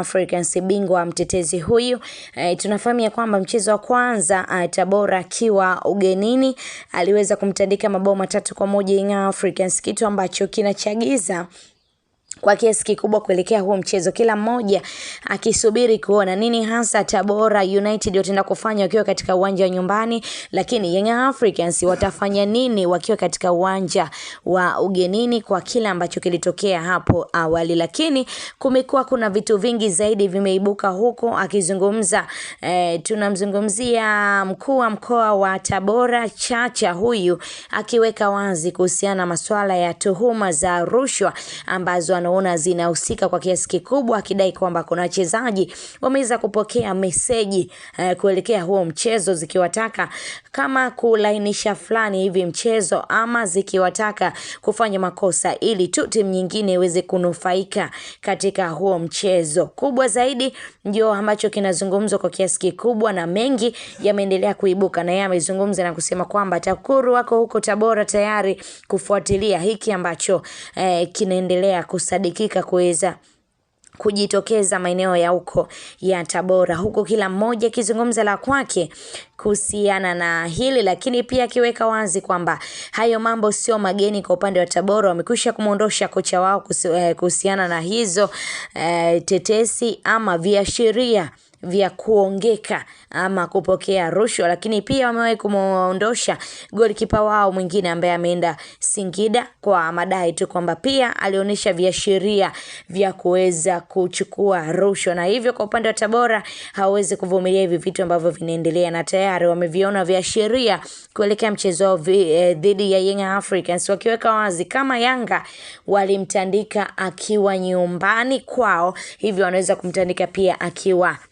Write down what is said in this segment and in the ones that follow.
Africans bingwa mtetezi huyu. E, tunafahamu ya kwamba mchezo wa kwanza eh, Tabora akiwa ugenini aliweza kumtandika mabao matatu kwa moja Young Africans, kitu ambacho kinachagiza kwa kiasi kikubwa kuelekea huo mchezo, kila mmoja akisubiri kuona nini hasa Tabora United wataenda kufanya wakiwa katika uwanja wa nyumbani, lakini Young Africans watafanya nini wakiwa katika uwanja wa ugenini kwa kila ambacho kilitokea hapo awali. Lakini kumekuwa kuna vitu vingi zaidi vimeibuka huko, akizungumza e, tunamzungumzia mkuu wa mkoa wa Tabora Chacha, huyu akiweka wazi kuhusiana na masuala ya tuhuma za rushwa ambazo wanaona zinahusika kwa kiasi kikubwa, akidai kwamba kuna wachezaji wameweza kupokea meseji eh, kuelekea huo mchezo zikiwataka kama kulainisha fulani hivi mchezo ama zikiwataka kufanya makosa ili tu timu nyingine iweze kunufaika katika huo mchezo. Kubwa zaidi ndio ambacho kinazungumzwa kwa kiasi kikubwa, na mengi yameendelea kuibuka, na yeye amezungumza na kusema kwamba TAKUKURU wako huko Tabora tayari kufuatilia hiki ambacho eh, kinaendelea kus sadikika kuweza kujitokeza maeneo ya huko ya Tabora, huku kila mmoja akizungumza la kwake kuhusiana na hili, lakini pia akiweka wazi kwamba hayo mambo sio mageni kwa upande wa Tabora. Wamekwisha kumwondosha kocha wao eh, kuhusiana na hizo eh, tetesi ama viashiria vya kuongeka ama kupokea rushwa, lakini pia wamewahi kumwondosha golikipa wao mwingine ambaye ameenda Singida kwa madai tu kwamba pia alionyesha viashiria vya kuweza kuchukua rushwa, na hivyo kwa upande wa Tabora hawawezi kuvumilia hivi vitu ambavyo vinaendelea, na tayari wameviona viashiria kuelekea mchezo wao eh, dhidi ya Young Africans, wakiweka wazi kama Yanga walimtandika akiwa nyumbani kwao, hivyo wanaweza kumtandika pia akiwa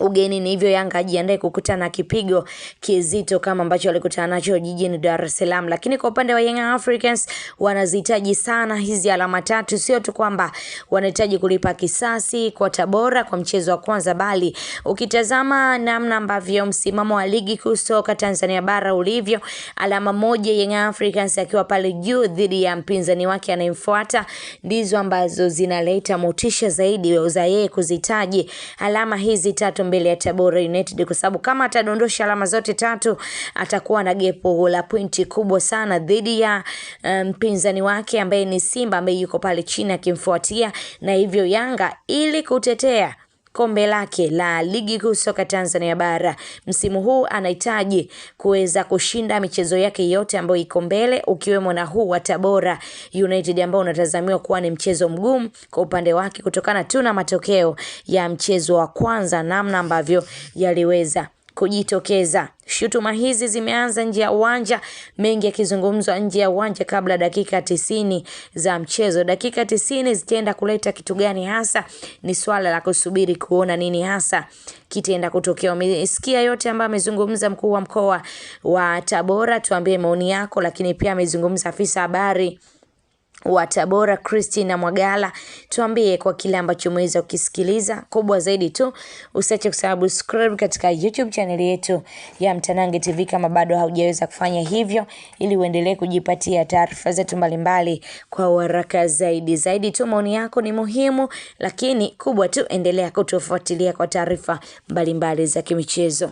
ugenini hivyo Yanga ajiandae kukutana na kipigo kizito kama ambacho walikutana nacho jijini Dar es Salaam. Lakini kwa upande wa Young Africans wanazihitaji sana hizi alama tatu, sio tu kwamba wanahitaji kulipa kisasi kwa Tabora kwa mchezo wa kwanza, bali ukitazama namna ambavyo msimamo wa ligi kuu soka Tanzania bara ulivyo, alama moja Young Africans akiwa pale juu dhidi ya mpinzani wake anayemfuata ndizo ambazo zinaleta motisha zaidi za yeye kuzitaji alama hizi tatu mbele ya Tabora United kwa sababu kama atadondosha alama zote tatu atakuwa na gepo la pointi kubwa sana dhidi ya eh, mpinzani um, wake ambaye ni Simba ambaye yuko pale chini akimfuatia, na hivyo Yanga ili kutetea kombe lake la ligi kuu soka Tanzania bara msimu huu anahitaji kuweza kushinda michezo yake yote ambayo iko mbele ukiwemo na huu wa Tabora United ambao unatazamiwa kuwa ni mchezo mgumu kwa upande wake kutokana tu na matokeo ya mchezo wa kwanza namna ambavyo yaliweza kujitokeza. Shutuma hizi zimeanza nje ya uwanja, mengi yakizungumzwa nje ya uwanja kabla dakika tisini za mchezo. Dakika tisini zitaenda kuleta kitu gani hasa, ni swala la kusubiri kuona nini hasa kitaenda kutokea. Umesikia yote ambayo amezungumza mkuu wa mkoa wa Tabora, tuambie maoni yako, lakini pia amezungumza afisa habari wa Tabora Christina Mwagala, tuambie kwa kile ambacho umeweza kukisikiliza. Kubwa zaidi tu, usiache kusubscribe katika YouTube channel yetu ya Mtanange TV kama bado haujaweza kufanya hivyo, ili uendelee kujipatia taarifa zetu mbalimbali kwa uharaka zaidi. Zaidi tu, maoni yako ni muhimu, lakini kubwa tu, endelea kutufuatilia kwa taarifa mbalimbali za kimichezo.